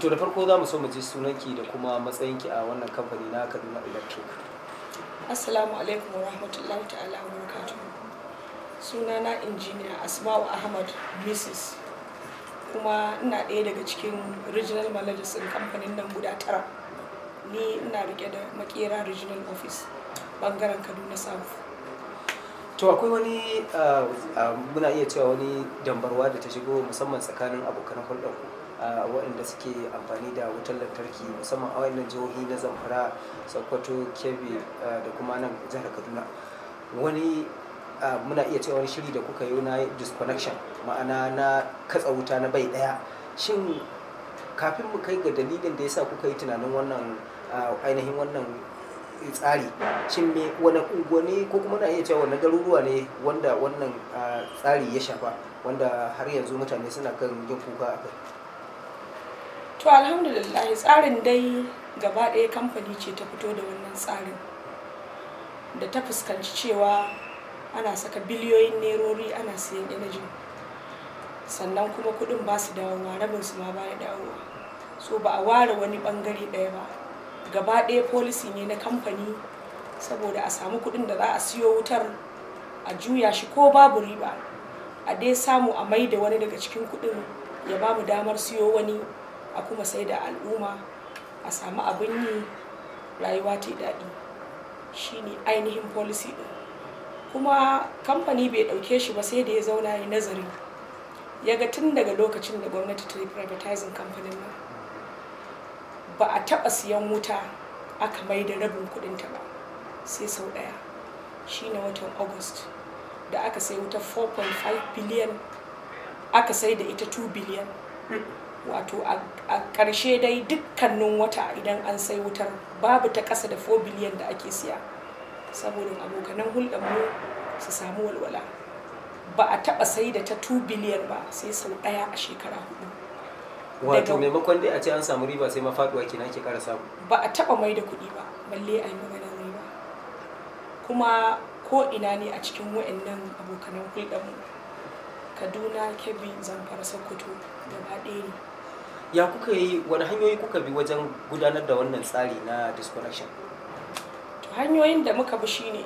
to da farko za mu so mu ji sunanki da kuma matsayinki a wannan kamfani na kaduna electric assalamu alaikum wa rahmatullahi ta'ala wa Suna na injiniya asma'u ahmad mrs kuma ina ɗaya daga cikin regional managers in kamfanin nan guda tara ni ina rike da makera regional office bangaren kaduna south to akwai wani ah, ah, muna iya cewa wani dambarwa da ta shigo musamman tsakanin abokan hulɗar ku waɗanda suke amfani da wutar lantarki musamman a wannan jihohi na zamfara sokoto kebbi da kuma nan jihar kaduna wani muna iya cewa wani shiri da kuka yi na disconnection ma'ana na katsa wuta na bai ɗaya shin kafin mu kai ga dalilin da yasa kuka yi tunanin wannan ainihin wannan tsari shin me wani unguwanni ko kuma na iya cewa wani garuruwa ne wanda wannan tsari ya shafa wanda har yanzu mutane suna kan yin kuka a kai to alhamdulillah tsarin dai gaba ɗaya kamfani ce ta fito da wannan tsarin da ta fuskanci cewa ana saka biliyoyin nerori ana siyan energy sannan kuma kudin ba su dawowa rabin su ma baya dawowa so ba a ware wani bangare ɗaya ba gaba ɗaya policy ne na kamfani saboda a samu kudin da za a siyo wutar a juya shi ko babu riba a dai samu a maida wani daga cikin kudin ya ba mu damar siyo wani a kuma sai da al'umma a samu abin yi rayuwa ta daɗi Shi ne ainihin policy ɗin kuma kamfani bai ɗauke shi ba sai da ya zauna ya nazari ya ga tun daga lokacin da gwamnati ta yi privatizing kamfanin nan ba a taɓa siyan wuta aka mai da rabin ta ba sai sau ɗaya Shi ne watan august da aka sai wuta 4.5 biliyan aka sai da ita 2 biliyan wato a ƙarshe dai dukkanin wata idan an sai wutar babu ta ƙasa da 4 biliyan da ake siya saboda abokanan hulɗarmu su samu walwala ba a taɓa sai da ta 2 biliyan ba sai sau ɗaya a shekara hudu wato maimakon dai a ce an samu riba sai mafaɗuwa ke nake ƙara samu ba a taɓa mai da kuɗi ba balle a yi magana riba kuma ko ina ne a cikin wa'annan abokanan hulɗarmu kaduna kebbi zamfara sokoto gaba ɗaya ne ya kuka yi wani hanyoyi kuka bi wajen gudanar da wannan tsari na disconnection hanyoyin da muka bi shine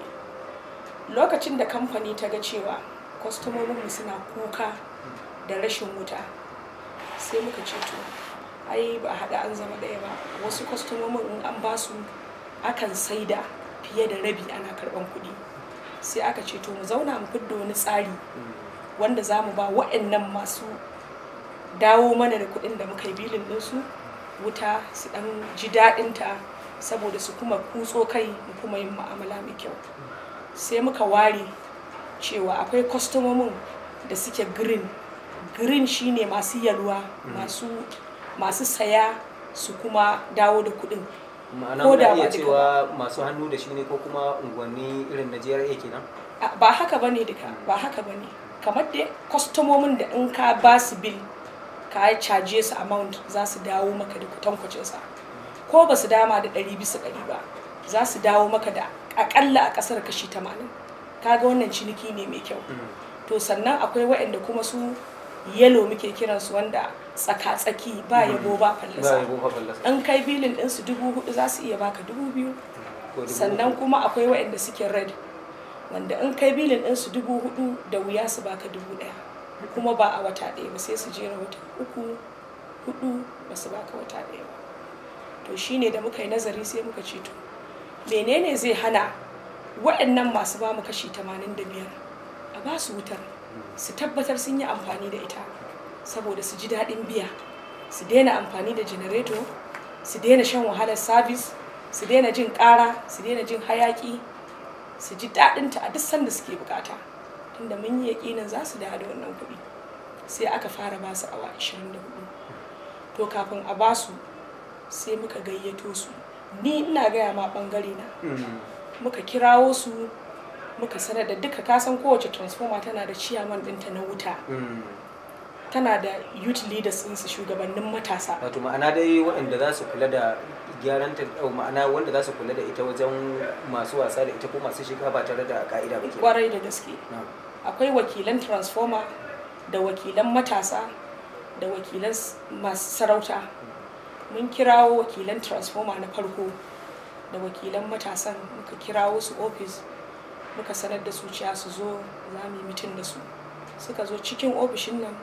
lokacin da kamfani ta ga cewa kwastomominmu suna kuka da rashin wuta sai muka ce to ai ba haɗa an zama ɗaya ba wasu kwastomomin in an ba su akan saida fiye da rabi ana karban kuɗi sai aka ce to mu zauna mu fidda wani tsari mm. wanda za mu ba wa'annan masu dawo mana da kuɗin da muka yi bilin ɗinsu wuta su ɗan ji daɗinta saboda su kuma kutso kai mu kuma yin mu'amala mai kyau sai muka ware cewa akwai kwastomomin da suke green green shine masu yalwa mm. masu masu saya su kuma dawo da kuɗin ko da ba cewa masu hannu da shi ne ko kuma unguwanni irin na jiyar na ba haka bane duka ba haka bane kamar da kwastomomin da in ka ba su bil ka yi caje su amount za su dawo maka da kwatankwacin sa ko ba su dama da ɗari bisa ɗari ba za su dawo maka da akalla a ƙasar kashi tamanin kaga wannan ciniki ne mai kyau mm. to sannan akwai waɗanda kuma su yalo muke kiransu wanda tsaka-tsaki mm. ba yabo ba fallasa in kai bilin ɗinsu dubu hudu za su iya baka dubu biyu mm. sannan kuma akwai waɗanda suke red wanda in kai bilin ɗinsu dubu hudu da wuya su baka dubu ɗaya kuma ba a wata ɗaya ba sai su jera wata uku hudu ba su baka wata ɗaya ba to shine da muka yi nazari sai muka ce to menene zai hana waɗannan masu ba mu kashi 85 a ba su wutar su tabbatar sun yi amfani da ita saboda su ji daɗin biya su daina amfani da janareto su daina shan wahalar sabis su daina jin ƙara su daina jin hayaƙi su ji daɗinta a duk sanda suke bukata tunda mun yi yaƙinin za su da wannan kuɗi sai aka fara ba su awa 24 to kafin a ba su sai muka gayyato su ni ina gaya ma ɓangare na mm-hmm. muka kirawo su muka sanar da duka kasan kowace transformer tana da chairman dinta na wuta mm-hmm. tana da youth leaders ɗinsu shugabannin matasa wato ma'ana dai waɗanda za su kula da gyaran ta ma'ana wanda za su kula da ita wajen masu wasa da ita ko masu shiga ba tare da ka'ida ba kwarai da gaske akwai wakilan transformer da wakilan matasa da wakilan masu sarauta mun kirawo wakilan transformer na farko da wakilan matasan muka kirawo su ofis muka sanar da su cewa su zo za mu yi mitin da su suka zo cikin ofishin nan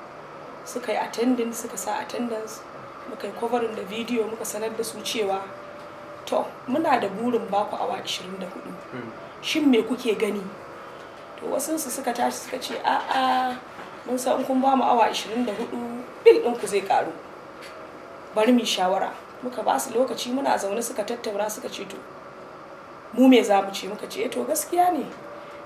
suka yi attending suka sa attendance muka yi covering da video muka sanar da su cewa to muna da burin baku awa 24 hmm. shin me kuke gani su suka tashi suka ce a'a mun san kun ba mu awa 24 bil ku zai karu bari mu shawara muka ba su lokaci muna zaune suka tattauna suka ce to mu me za mu ce muka ce eh, to gaskiya ne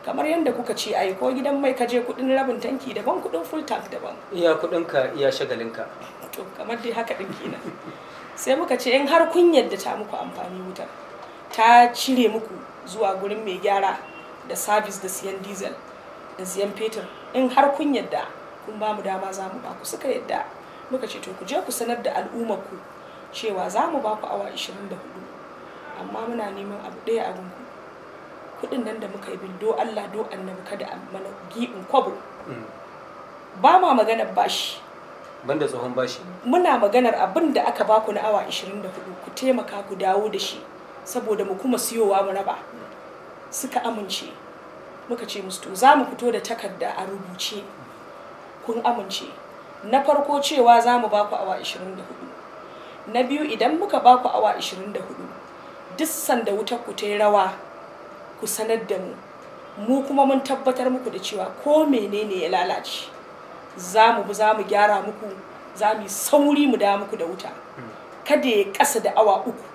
kamar yadda kuka ce ai ko gidan mai kaje kudin rabin tanki daban kudin full tank daban iya kudin ka iya shagalin ka to kamar dai haka din kenan sai muka ce in har kun yadda ta muku amfani wutar ta cire muku zuwa gurin mai gyara da sabis da siyan diesel da siyan fetur in har kun yadda kun ba mu dama za mu ba ku suka yadda muka ce to ku je ku sanar da al'ummar ku cewa za mu ba ku awa 24 amma muna neman abu ɗaya abin ku kuɗin nan da muka yi bin do Allah do annabi kada a mana giɓin kwabo mm. ba ma maganar bashi banda tsohon bashi muna maganar abin da aka ba ku na awa 24 ku taimaka ku dawo da shi saboda mu kuma siyowa mu raba suka amince muka ce musu to za mu fito da takarda a rubuce kun amince na farko cewa za mu baku awa 24 na biyu idan muka baku awa 24 duk sanda wutar ku ta yi rawa ku sanar da mu mu kuma mun tabbatar muku da cewa ko menene ya lalace za mu za mu gyara muku za mu yi sauri mu da muku da wuta hmm. kada ya kasa da awa uku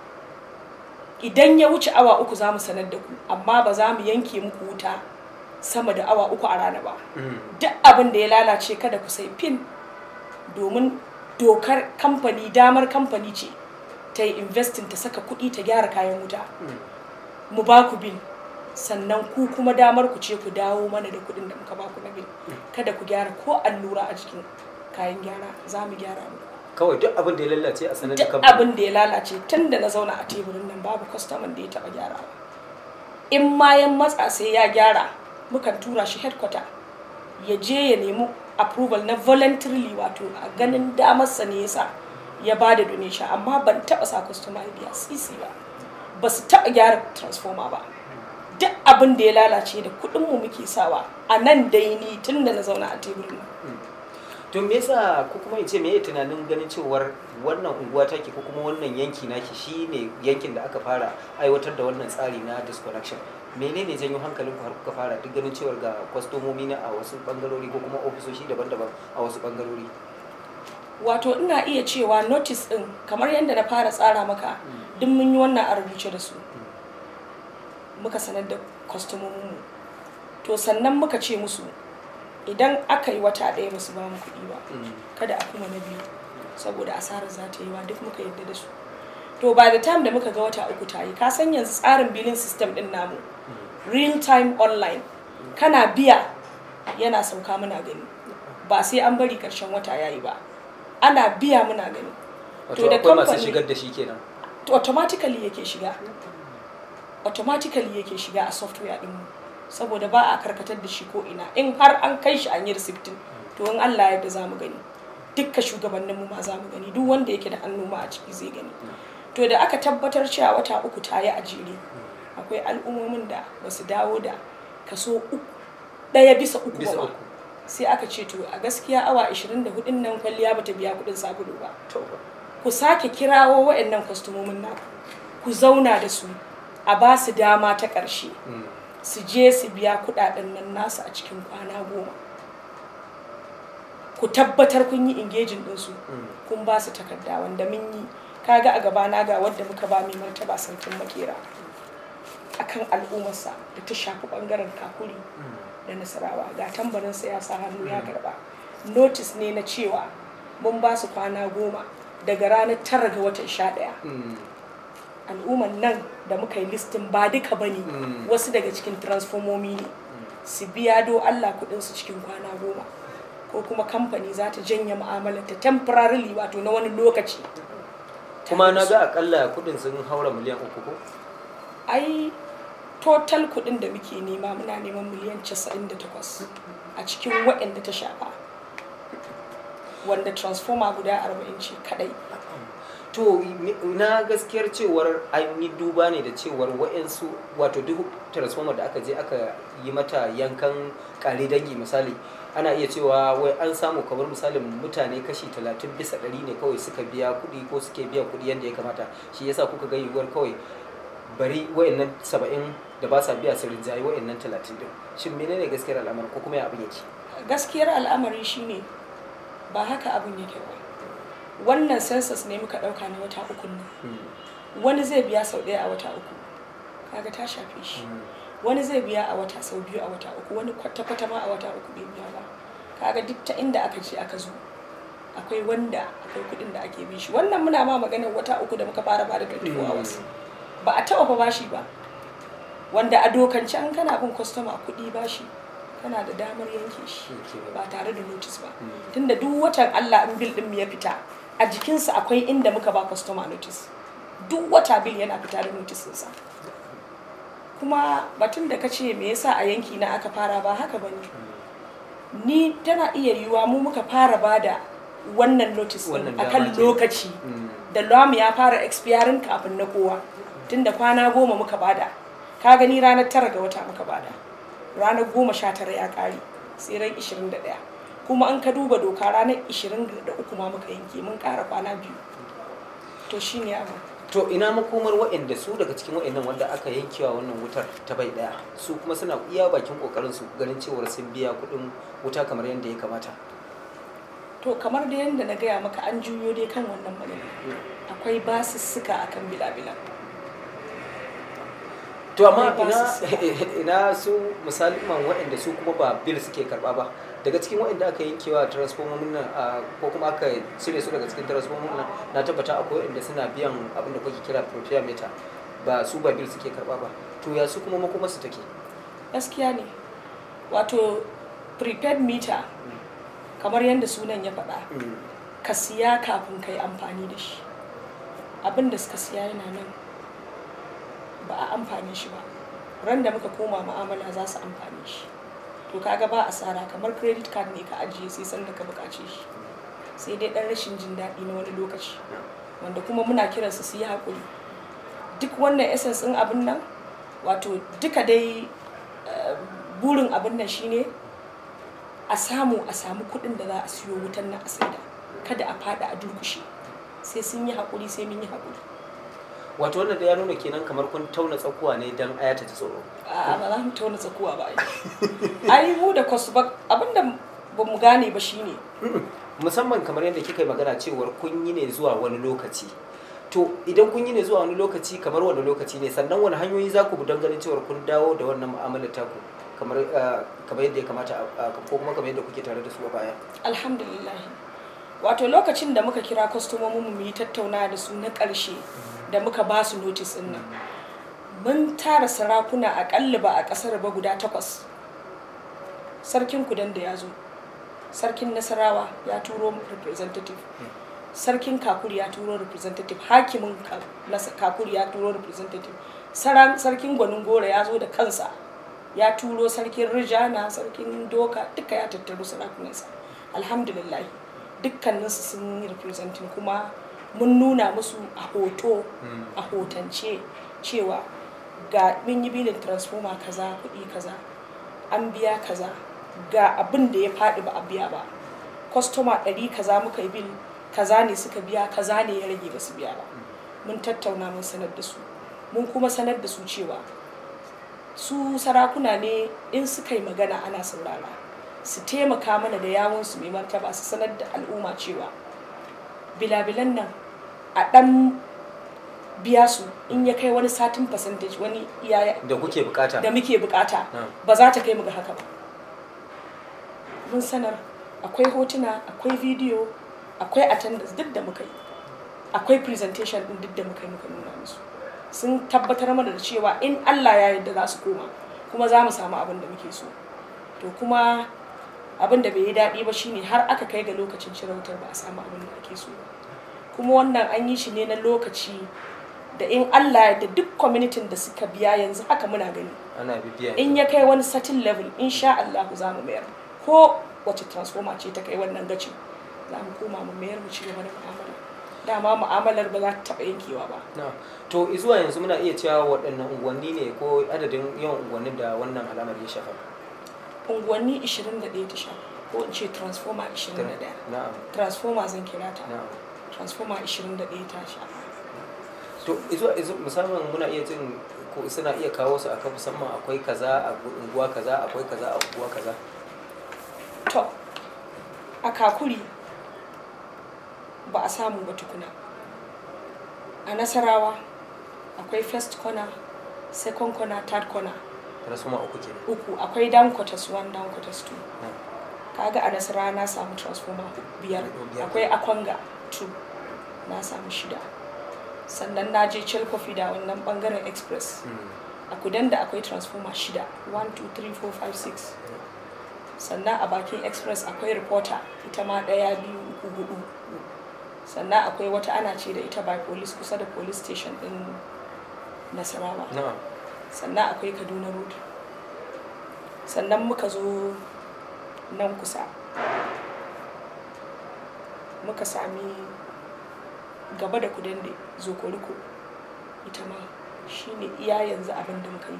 idan ya wuce awa uku za mu sanar da ku amma ba za mu yanke muku wuta sama da awa uku a rana ba mm. duk abin da ya lalace kada ku sai pin domin dokar kamfani damar kamfani ce ta yi investing ta saka kuɗi ta gyara kayan wuta mm. mu ba ku bil sannan ku kuma damar ku ce ku dawo mana da kuɗin da muka ba ku na bil mm. kada ku gyara ko allura a jikin kayan gyara za mu gyara muku kawai duk abin da ya lalace a sanar da kamfani duk abin da ya lalace tun da na zauna a teburin nan babu kwastaman da ya taba gyara in ma ya matsa sai ya gyara mukan tura shi headquarter ya je ya nemi approval na voluntarily wato a ganin damarsa ne yasa ya ba da donation amma ban taba sa customer biya cc ba ba su taba gyara transformer ba duk abin da ya lalace da kuɗin mu muke sawa a nan dai ni tun da na zauna a teburin nan hmm. tun me yasa ko kuma in ce me tunanin ganin cewar wannan unguwa take ko kuma wannan yanki naki shine yankin da aka fara aiwatar da wannan tsari na disconnection menene janyo hankalinku har kuka fara duk ganin cewar ga kwastomomi na a wasu bangarori ko kuma ofisoshi daban-daban a wasu bangarori wato ina iya cewa notice din kamar yadda na fara tsara maka mm. duk mun yi wannan a rubuce da su muka sanar da kwastomomi to sannan muka ce musu idan aka yi wata ɗaya ba su ba mu kuɗi ba mm. kada a kuma na biyu saboda asarar za ta yi wa duk muka yarda da su to by the time da muka ga wata uku ta yi ka san yanzu tsarin billing system din namu mm. real time online kana biya yana sauka muna gani ba sai an bari karshen wata yi ba ana biya muna gani to da kamfani shigar da shi kenan automatically yake shiga automatically yake shiga a software din mu saboda ba a karkatar da shi ko ina in har an kai shi an yi risiftin to in Allah ya da za mu gani dukka shugabannin mu ma za mu gani duk wanda yake da hannu ma a ciki zai gani to da aka tabbatar cewa wata uku ta yi a jere akwai al'ummomin da ba su dawo da kaso uku, ɗaya bisa uku ba sai aka ce to a gaskiya awa 24 nan kwalliya bata biya kuɗin sabulu ba ku sake kirawo waɗannan kwastomomin naku ku zauna da su a ba su dama ta ƙarshe hmm. su je su biya kudaden nan nasu a cikin kwana goma ku tabbatar kun yi engaging su. Mm. kun ba su takarda wanda mun yi kaga a gabana ga wadda muka ba mai martaba sarkin makera akan al'ummarsa da ta shafi bangaren kakuri mm. da nasarawa ga tambarinsa ya sa hannu ya mm. karba notice ne na cewa mun ba su kwana goma daga ranar tara ga watan sha ɗaya al'ummar nan da muka yi listin ba duka bane mm. wasu daga cikin transformomi ne su biya do Allah kudin su cikin kwana goma ko kuma kamfani za ta janye mu'amalar ta temporarily wato na wani lokaci kuma na ga akalla kudin sun haura miliyan uku ko ai total kudin da muke nema muna neman miliyan 98 a cikin waɗanda ta shafa wanda transformer guda 40 ce kadai to na gaskiyar cewar an yi duba ne da cewar wa'yansu wato duk transformer da aka je aka yi mata yankan kare dangi misali ana iya cewa wai an samu kamar misalin mutane kashi 30 bisa 100 ne kawai suka biya kuɗi ko suke biya kuɗi yadda ya kamata shi yasa kuka ga yiwuwar kawai bari wa'annan 70 da ba sa biya su rinjaye wa'annan 30 din shin menene gaskiyar al'amari ko kuma ya abin yake gaskiyar al'amari shine ba haka abin yake ba wannan census ne muka ɗauka na wata uku ne hmm. wani zai biya sau ɗaya a wata uku kaga ta shafe shi hmm. wani zai biya a wata sau biyu a wata uku wani kwata-kwata ma a wata uku bai biya ba kaga duk ta inda aka ce aka zo akwai wanda akwai kuɗin da ake bi shi wannan muna ma maganar wata uku da muka fara ba da a wasu hmm. ba a taɓa fa bashi ba wanda a dokance an kana bin kwastoma kuɗi bashi kana da damar yanke shi ba tare da notice ba tunda duk watan Allah in bil din ya fita a jikinsa akwai inda muka ba customer notice duk wata bil yana fita da notisinsa kuma batun da ka ce me yasa a yanki na aka fara ba haka bane ni tana iya yiwuwa mu muka fara ba da wannan notice a kan lokaci mm. da lamu ya fara expiring kafin na kowa tunda kwana goma muka bada ka gani ranar tara ga wata muka bada ranar goma sha tara ya kare sai da 21 kuma an ka duba doka ranar 23 ma muka yanke mun ƙara kwana biyu to shi ne abu to ina makomar waɗanda su daga cikin waɗannan wanda aka yankewa wannan wutar ta bai ɗaya su kuma suna iya bakin kokarin su ganin cewar sun biya kuɗin wuta kamar yadda ya kamata to kamar da yadda na gaya maka an juyo dai kan wannan magana akwai basussuka akan bila-bila to amma ina su misali waɗanda su kuma ba bil suke karɓa ba daga cikin waɗanda aka yankewa transformomin nan ko kuma aka cire su daga cikin transformomin nan na tabbata akwai waɗanda suna biyan abin da kuke kira propia meter ba su ba bil suke karɓa ba to ya su kuma makoma su take gaskiya ne wato prepaid meter mm. kamar yadda sunan ya faɗa mm. ka siya kafin ka yi amfani da shi abin da suka siya yana nan ba a amfani shi ba ran da muka koma ma'amala za su amfani shi to kaga ba asara kamar credit card ne ka ajiye sai sanda ka bukace shi sai dai ɗan rashin jin daɗi na wani lokaci wanda kuma muna kiran su yi haƙuri duk wannan essence ɗin abin nan wato duka dai eh, burin abin nan shine a samu a samu kuɗin da za a siyo wutan na a saida kada a faɗa a durkushe sai sun yi haƙuri sai mun yi haƙuri wato wannan da ya nuna kenan kamar kun tauna tsakuwa ne don aya ta ji tsoro a ba za mu tauna tsakuwa ba ai mu da kwasu ba abinda ba mu gane ba shine musamman kamar yadda kika yi magana cewar kun yi ne zuwa wani lokaci to idan kun yi ne zuwa wani lokaci kamar wani lokaci ne sannan wani hanyoyi za ku don ganin cewar kun dawo da wannan mu'amalar taku kamar ah, kamar yadda ya kamata ah, ko kuma kamar yadda kuke tare da su a baya alhamdulillah wato lokacin da muka kira kwastomomin mu yi tattauna da su na ƙarshe da muka ba su notice din nan mun tara sarakuna akalla ba a ƙasar ba guda takwas sarkin kudan da ya zo sarkin nasarawa ya turo representative sarkin kakuri ya turo representative hakimin kakuri ya turo representative sarkin gwanin gora ya zo da kansa ya turo sarkin rijana sarkin doka duka ya tattaro sarakunansa alhamdulillah dukkaninsu sun yi representing kuma mun nuna musu a hoto a hotance cewa ga mun yi bilin transforma kaza kuɗi kaza an biya kaza ga abin da ya faɗi ba a biya ba customer ɗari kaza muka yi bil kaza ne suka biya kaza ne ya rage basu biya ba mun tattauna mun sanar da su mun kuma sanar da su cewa su sarakuna ne in suka yi magana ana saurara su taimaka mana da yawunsu mai martaba su sanar da al'umma cewa bilabilan nan a dan biya su in ya kai wani satin percentage wani iya da kuke bukata da muke bukata ah. ba za ta kai mu ga haka ba mun sanar akwai hotuna akwai video akwai attendance duk da muka yi akwai presentation din duk da muka yi muka nuna musu sun tabbatar mana da cewa in Allah ya yarda za su koma kuma za mu samu abin da muke so to kuma abin da bai yi daɗi ba shine har aka kai ga lokacin shirautar ba a samu abin da ake so ba kuma wannan an yi shi ne na lokaci da in Allah da duk kwamitin da suka biya yanzu haka muna gani in ya kai wani satin level insha Allah za mu mayar ko wace transforma ce ta kai wannan gaci za mu koma mu mayar mu ci gaba da mu'amala dama mu'amalar ba za ta taɓa yankewa ba to zuwa yanzu muna iya cewa waɗannan unguwanni ne ko adadin yawan unguwannin da wannan alamar ya shafa unguwanni 21 ta shafa ko in ce transformer 21 transformer zan kira ta transformer 21 ta sha to izo musamman muna iya jin ko suna iya kawo su akan musamman akwai kaza a unguwa kaza akwai kaza a unguwa kaza to a kakuri ba a samu ba tukuna a nasarawa akwai first corner second corner third corner transformer uku ke uku akwai down quarters one down quarters two hmm. kaga a nasarawa na samu transformer biyar akwai akwanga 2 na samu shida sannan na je chelkofi da wannan bangaren express hmm. a kudan da akwai transformer shida 1,2,3,4,5,6 sannan a bakin express akwai reporter ita ma daya biyu uku hudu sannan akwai wata ana ce da ita by police kusa da police station din nasarawa sannan akwai kaduna road sannan muka zo nan kusa muka sami gaba da da zokoriko ita ma shine iya yanzu abin da muka yi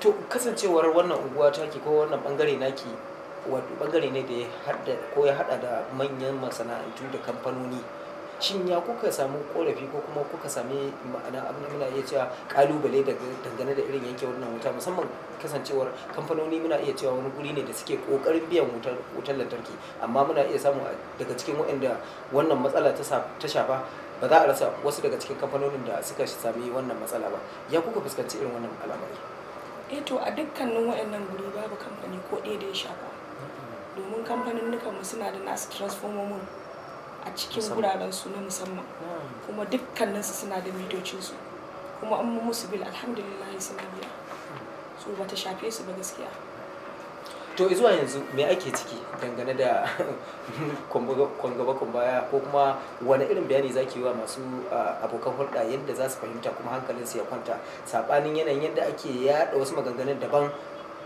to kasancewar wannan unguwa ke ko wannan bangare na ke, wato bangare ne da ko ya hada da manyan masana'antu da kamfanoni shin ya kuka samu korafi ko kuma kuka sami ma'ana abin muna iya cewa kalubale dangane da irin yanke wannan wuta musamman kasancewar kamfanoni muna iya cewa wani guri ne da suke kokarin biyan wutar lantarki amma muna iya samu daga cikin waɗanda wannan matsala ta shafa ba za a rasa wasu daga cikin kamfanonin da suka sami wannan matsala ba ya kuka fuskanci irin wannan al'amari eto eh to a dukkanin waɗannan guri babu kamfani ko ɗaya da ya shafa domin kamfanin nukanmu suna da nasu transformomin a cikin su na musamman hmm. kuma dukkaninsu suna da su kuma an mu musu bil alhamdulillah suna biya su bata shafe su ba gaskiya to zuwa yanzu me ake ciki dangane da kwangaba kwambaya ko kuma wani irin bayani zaki yi wa masu abokan hulɗa yadda za su fahimta kuma hankalinsu ya kwanta saɓanin yanayin yadda ake yaɗa wasu maganganun daban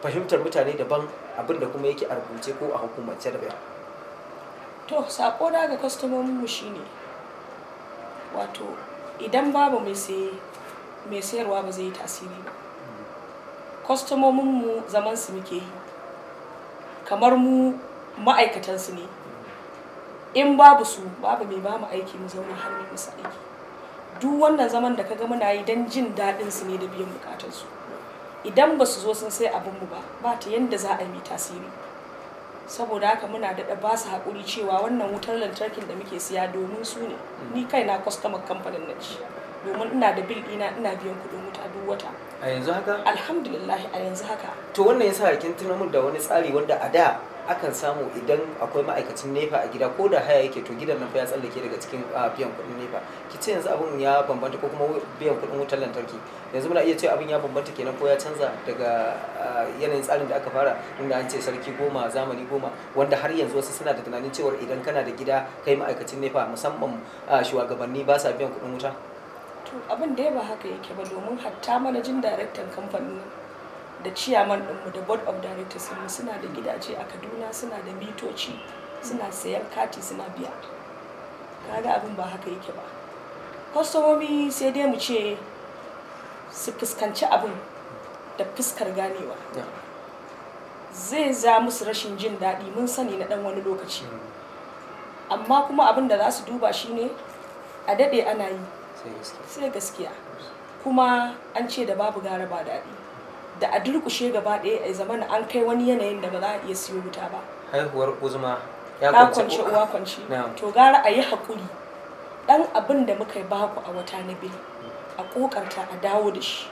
fahimtar mutane daban abinda kuma yake a rubuce ko a hukumance da bayan? to sako na ga kwastomominmu shine wato idan babu mai mai sayarwa ba zai yi tasiri ba kwastomominmu zaman su muke yi kamar mu ma'aikatansu ne in babu su babu mai ba mu aiki mu zauna har mai musu aiki duk wannan zaman da kaga muna yi don jin daɗin su ne da biyan bukatarsu idan ba su zo sun sai abinmu ba ba ta yadda za a yi tasiri saboda haka muna daɗa ba su haƙuri cewa wannan wutar lantarkin da muke siya domin su ne ni mm. kai na kwastamar kamfanin na ci domin ina da bil ina ina biyan kuɗin wuta duk wata a yanzu haka alhamdulillah a yanzu haka to wannan yasa kin tuna mun da wani tsari wanda a da akan samu idan akwai ma'aikacin nefa a gida ko da haya yake to gidan nan fa ya tsallake daga cikin biyan kuɗin nefa ki ce yanzu abin ya bambanta ko kuma biyan kuɗin wutar lantarki yanzu muna iya cewa abin ya bambanta kenan ko ya canza daga yanayin tsarin da aka fara inda an ce sarki goma zamani goma wanda har yanzu wasu suna da tunanin cewa idan kana da gida kai ma'aikacin nefa musamman shugabanni ba sa biyan kuɗin wuta to abin da ya ba haka yake ba domin hatta manajin daraktan kamfanin da chairman ɗinmu da board of directors mu suna da gidaje a kaduna suna da mitoci suna sayan kati suna biya kaga abin ba haka yake ba kwastomomi sai dai mu ce su fuskanci abin da fuskar ganewa zai za musu rashin jin daɗi mun sani na ɗan wani lokaci mm. amma kuma abin da za su duba shine a daɗe ana yi sai gaskiya kuma an ce da babu gara ba daɗi da a durkushe gaba ɗaya a zaman an kai wani yanayin da ba za a iya siyo wuta ba haihuwar uzma ya kwance uwa kwance to gara a yi haƙuri ɗan abin da muka yi baku a wata na biyu a ƙoƙarta a dawo da shi